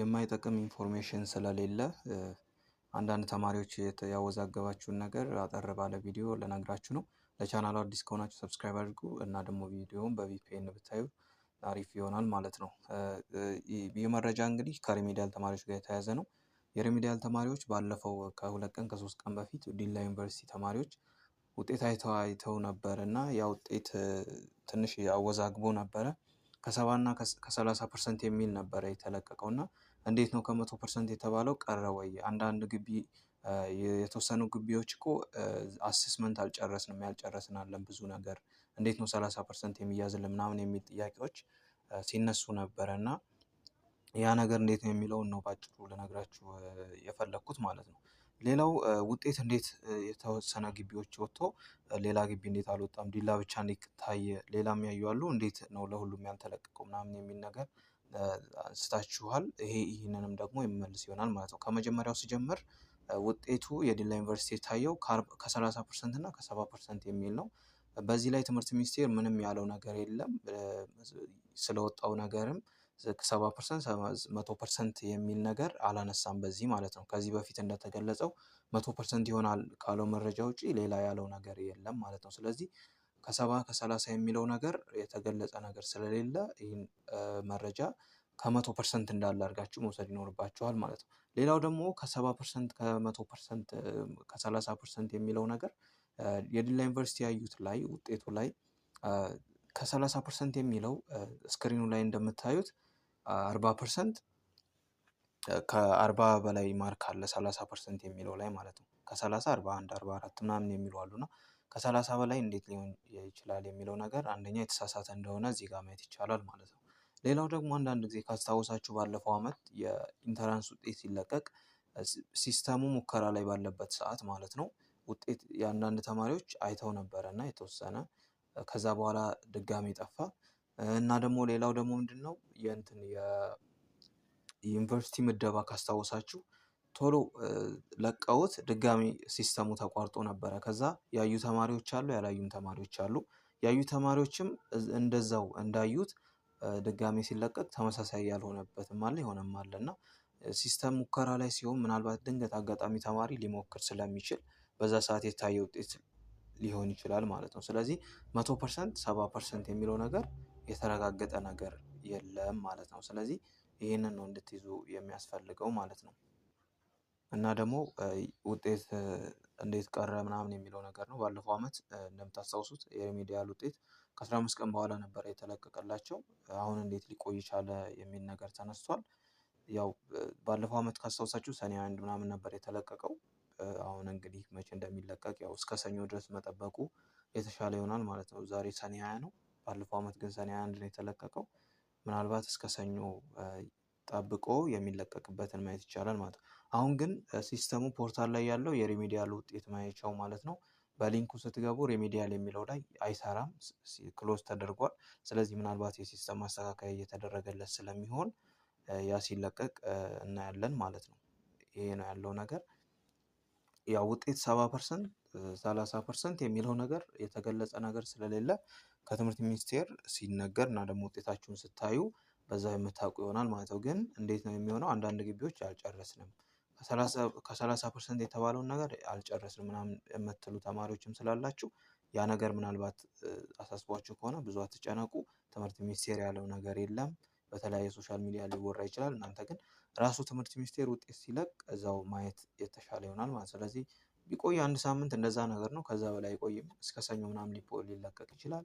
የማይጠቅም ኢንፎርሜሽን ስለሌለ አንዳንድ ተማሪዎች ያወዛገባችሁን ነገር አጠር ባለ ቪዲዮ ልነግራችሁ ነው። ለቻናሉ አዲስ ከሆናችሁ ሰብስክራይብ አድርጉ እና ደግሞ ቪዲዮውን በቪፒኤን ብታዩ አሪፍ ይሆናል ማለት ነው። ይህ መረጃ እንግዲህ ከሪሚዲያል ተማሪዎች ጋር የተያያዘ ነው። የሪሚዲያል ተማሪዎች ባለፈው ከሁለት ቀን ከሶስት ቀን በፊት ዲላ ዩኒቨርሲቲ ተማሪዎች ውጤት አይተው አይተው ነበር እና ያ ውጤት ትንሽ አወዛግቦ ነበረ። ከሰባ እና ከሰላሳ ፐርሰንት የሚል ነበረ የተለቀቀው እና እንዴት ነው ከመቶ ፐርሰንት የተባለው ቀረ ወይ? አንዳንድ ግቢ የተወሰኑ ግቢዎች እኮ አሴስመንት አልጨረስንም ያልጨረስን አለን ብዙ ነገር እንዴት ነው ሰላሳ ፐርሰንት የሚያዝልን ምናምን የሚል ጥያቄዎች ሲነሱ ነበረ እና ያ ነገር እንዴት ነው የሚለውን ነው ባጭሩ ልነግራችሁ የፈለግኩት ማለት ነው። ሌላው ውጤት እንዴት የተወሰነ ግቢዎች ወጥቶ ሌላ ግቢ እንዴት አልወጣም ዲላ ብቻ እንዴት ታየ ሌላም ያዩ አሉ እንዴት ነው ለሁሉም ያልተለቀቀው ምናምን የሚል ነገር አንስታችኋል። ይሄ ይህንንም ደግሞ የሚመልስ ይሆናል ማለት ነው። ከመጀመሪያው ሲጀምር ውጤቱ የዲላ ዩኒቨርሲቲ የታየው ከ30 ፐርሰንት እና ከ70 ፐርሰንት የሚል ነው። በዚህ ላይ ትምህርት ሚኒስቴር ምንም ያለው ነገር የለም። ስለወጣው ነገርም ሰባ ፐርሰንት መቶ ፐርሰንት የሚል ነገር አላነሳም በዚህ ማለት ነው። ከዚህ በፊት እንደተገለጸው መቶ ፐርሰንት ይሆናል ካለው መረጃ ውጪ ሌላ ያለው ነገር የለም ማለት ነው። ስለዚህ ከሰባ ከሰላሳ የሚለው ነገር የተገለጸ ነገር ስለሌለ ይህን መረጃ ከመቶ ፐርሰንት እንዳለ አድርጋችሁ መውሰድ ይኖርባችኋል ማለት ነው። ሌላው ደግሞ ከሰባ ፐርሰንት ከመቶ ፐርሰንት ከሰላሳ ፐርሰንት የሚለው ነገር የዲላ ዩኒቨርሲቲ ያዩት ላይ ውጤቱ ላይ ከሰላሳ ፐርሰንት የሚለው ስክሪኑ ላይ እንደምታዩት አርባ ፐርሰንት ከአርባ በላይ ማርክ አለ ሰላሳ ፐርሰንት የሚለው ላይ ማለት ነው። ከሰላሳ አርባ አንድ አርባ አራት ምናምን የሚሉ አሉና ከሰላሳ በላይ እንዴት ሊሆን ይችላል የሚለው ነገር አንደኛ የተሳሳተ እንደሆነ እዚህ ጋር ማየት ይቻላል ማለት ነው። ሌላው ደግሞ አንዳንድ ጊዜ ካስታወሳችሁ ባለፈው አመት የኢንተራንስ ውጤት ሲለቀቅ ሲስተሙ ሙከራ ላይ ባለበት ሰዓት ማለት ነው ውጤት የአንዳንድ ተማሪዎች አይተው ነበረ እና የተወሰነ ከዛ በኋላ ድጋሚ ጠፋ እና ደግሞ ሌላው ደግሞ ምንድነው የእንትን የዩኒቨርሲቲ ምደባ ካስታወሳችሁ ቶሎ ለቀውት ድጋሚ ሲስተሙ ተቋርጦ ነበረ። ከዛ ያዩ ተማሪዎች አሉ፣ ያላዩም ተማሪዎች አሉ። ያዩ ተማሪዎችም እንደዛው እንዳዩት ድጋሚ ሲለቀቅ ተመሳሳይ ያልሆነበትም አለ የሆነም አለ እና ሲስተም ሙከራ ላይ ሲሆን ምናልባት ድንገት አጋጣሚ ተማሪ ሊሞክር ስለሚችል በዛ ሰዓት የታየ ውጤት ሊሆን ይችላል ማለት ነው። ስለዚህ መቶ ፐርሰንት ሰባ ፐርሰንት የሚለው ነገር የተረጋገጠ ነገር የለም ማለት ነው። ስለዚህ ይህንን ነው እንድትይዙ የሚያስፈልገው ማለት ነው። እና ደግሞ ውጤት እንዴት ቀረ ምናምን የሚለው ነገር ነው። ባለፈው አመት እንደምታስታውሱት የሪሚዲያል ውጤት ከአሥራ አምስት ቀን በኋላ ነበረ የተለቀቀላቸው አሁን እንዴት ሊቆይ ቻለ የሚል ነገር ተነስቷል። ያው ባለፈው አመት ካስታውሳችሁ ሰኔ አንድ ምናምን ነበር የተለቀቀው። አሁን እንግዲህ መቼ እንደሚለቀቅ ያው እስከ ሰኞ ድረስ መጠበቁ የተሻለ ይሆናል ማለት ነው። ዛሬ ሰኔ ሀያ ነው ባለፈው አመት ግን ሰኔ አንድ ነው የተለቀቀው። ምናልባት እስከ ሰኞ ጠብቆ የሚለቀቅበትን ማየት ይቻላል ማለት ነው። አሁን ግን ሲስተሙ ፖርታል ላይ ያለው የሪሚዲያል ውጤት ማየቻው ማለት ነው። በሊንኩ ስትገቡ ሪሚዲያል የሚለው ላይ አይሰራም ክሎዝ ተደርጓል። ስለዚህ ምናልባት የሲስተም ማስተካከያ እየተደረገለት ስለሚሆን ያ ሲለቀቅ እናያለን ማለት ነው። ይሄ ነው ያለው ነገር። ያው ውጤት ሰባ ፐርሰንት ሰላሳ ፐርሰንት የሚለው ነገር የተገለጸ ነገር ስለሌለ ከትምህርት ሚኒስቴር ሲነገር እና ደግሞ ውጤታችሁን ስታዩ በዛው የምታውቁ ይሆናል ማለት ነው። ግን እንዴት ነው የሚሆነው? አንዳንድ ግቢዎች አልጨረስንም ከሰላሳ ፐርሰንት የተባለውን ነገር አልጨረስንም ምናምን የምትሉ ተማሪዎችም ስላላችሁ ያ ነገር ምናልባት አሳስቧችሁ ከሆነ ብዙ አትጨነቁ። ትምህርት ሚኒስቴር ያለው ነገር የለም። በተለያየ ሶሻል ሚዲያ ሊወራ ይችላል። እናንተ ግን ራሱ ትምህርት ሚኒስቴር ውጤት ሲለቅ እዛው ማየት የተሻለ ይሆናል ማለት ስለዚህ ቢቆይ አንድ ሳምንት እንደዛ ነገር ነው። ከዛ በላይ አይቆይም። እስከ ሰኞ ምናምን ሊለቀቅ ይችላል።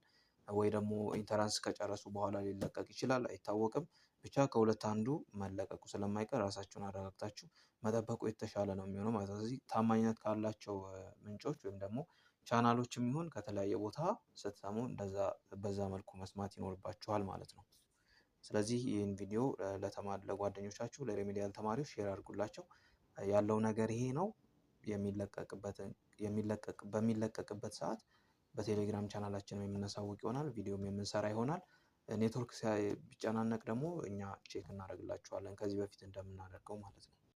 ወይ ደግሞ ኢንተራንስ ከጨረሱ በኋላ ሊለቀቅ ይችላል፣ አይታወቅም። ብቻ ከሁለት አንዱ መለቀቁ ስለማይቀር ራሳችሁን አረጋግጣችሁ መጠበቁ የተሻለ ነው የሚሆነው ማለት ነው። ስለዚህ ታማኝነት ካላቸው ምንጮች ወይም ደግሞ ቻናሎችም ይሁን ከተለያየ ቦታ ስትሰሙ እንደዛ በዛ መልኩ መስማት ይኖርባችኋል ማለት ነው። ስለዚህ ይህን ቪዲዮ ለጓደኞቻችሁ ለሬሜዲያል ተማሪዎች ሼር አድርጉላቸው። ያለው ነገር ይሄ ነው። የሚለቀቅበትን በሚለቀቅበት ሰዓት በቴሌግራም ቻናላችንም የምናሳውቅ ይሆናል። ቪዲዮም የምንሰራ ይሆናል። ኔትወርክ ቢጨናነቅ ደግሞ እኛ ቼክ እናደርግላችኋለን ከዚህ በፊት እንደምናደርገው ማለት ነው።